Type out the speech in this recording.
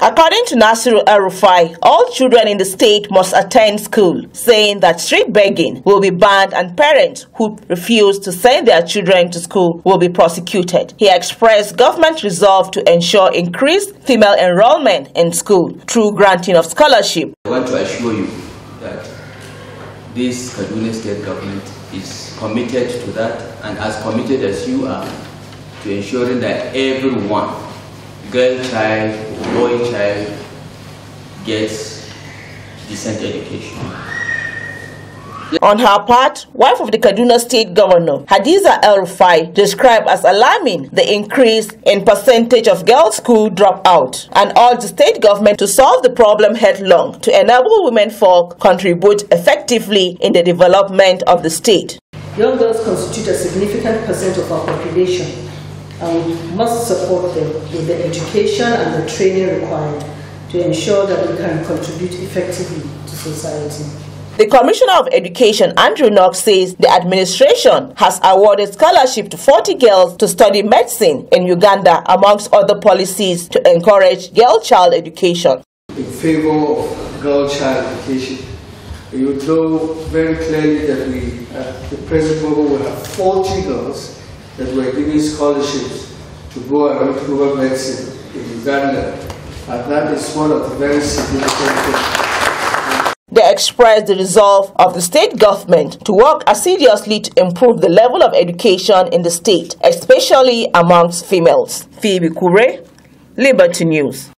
According to Nasiru Arufai, all children in the state must attend school, saying that street begging will be banned and parents who refuse to send their children to school will be prosecuted. He expressed government resolve to ensure increased female enrollment in school through granting of scholarship. I want to assure you that this Kaduna state government is committed to that and as committed as you are to ensuring that everyone girl child boy child gets decent education. On her part, wife of the Kaduna State Governor, Hadiza El Rufai, described as alarming the increase in percentage of girls' school dropout and urged the state government to solve the problem headlong to enable women folk contribute effectively in the development of the state. Young girls constitute a significant percent of our population and um, we must support them with the education and the training required to ensure that they can contribute effectively to society. The Commissioner of Education, Andrew Knox, says the administration has awarded scholarship to 40 girls to study medicine in Uganda, amongst other policies to encourage girl child education. In favor of girl child education, you know very clearly that we, uh, the present moment, we have 40 girls that were giving scholarships to go around Cuban medicine in Uganda. And that is one of the very significant things. They expressed the resolve of the state government to work assiduously to improve the level of education in the state, especially amongst females. Phoebe Kure, Liberty News.